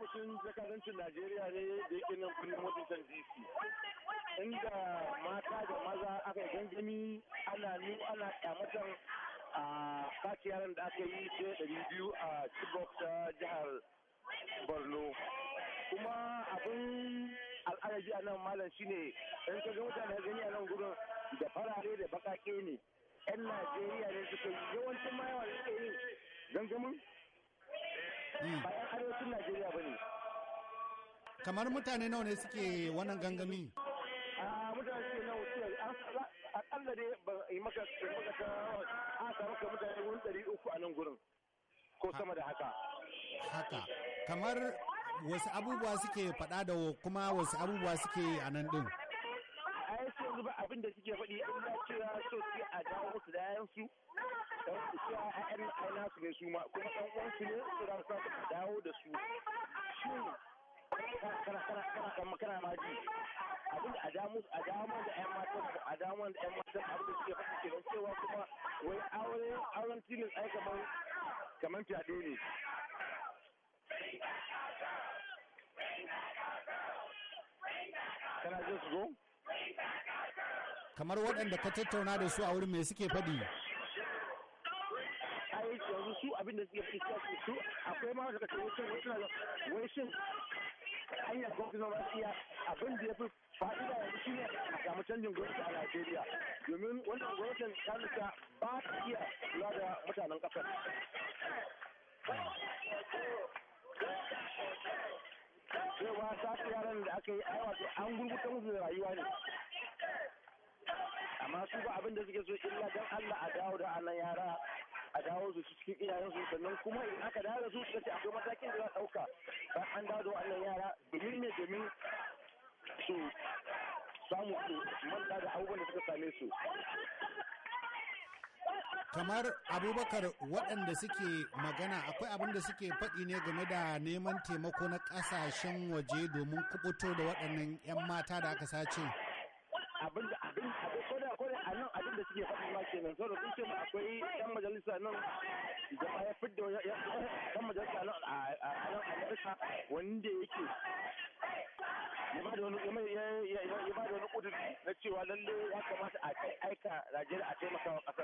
ofishin jakadancin najeriya ne da yake nan birnin washington dc inda mata da maza aka gangami ana nu ana kyamatar a kaci yaran da aka yi ce ɗari biyu a chibok ta jihar borno kuma abin al'adaji a nan malam shine in ka ga mutane gani a nan gudun da farare da bakake ne 'yan najeriya ne suka yi yawancin mayawa da suka yi gangamin Mm. ba arewacin Najeriya ba ne. Kamar mutane nawa ne suke wannan gangami? Ah, ah, haka. kamar wasu abubuwa suke faɗa da kuma wasu abubuwa suke a nan ɗin. yanzu ba abin da suke faɗi in cewa so sai a dawo musu da su da aina su ne su ma kuma ɗan uwan ne su su a dawo da su a a da fyaɗe ne Can I just go? kamar waɗanda ka tattauna da su a wurin mai suke faɗi yanzu su abin da suke fuska su akwai ma daga wasu suna wai shin hanyar gwamnati abin da ya fi fa'ida yanzu shi ne a samu canjin gwamnati a Najeriya domin wannan gwamnatin ta nuna ba ta iya kula da mutanen ƙasar. Cewa sace yaran da aka yi aiwata an gurgutar musu da rayuwa ne. amma su ba abin da suke so illa dan Allah a dawo da anan yara a dawo su cikin iyayen su sannan kuma in aka dawo da su su ce akwai matakin da za a dauka ba an dawo da wannan yara domin ne domin su samu su manta da abubuwan da suka same su kamar abubakar waɗanda suke magana akwai abin da suke faɗi ne game da neman taimako na ƙasashen waje domin kubuto da waɗannan 'yan mata da aka sace da so da kun ce akwai yan majalisa nan da ya fidda yan majalisa nan a nan amurka wanda yake ya ba da wani kudin na cewa lalle ya kamata a aika najeriya a taimaka wa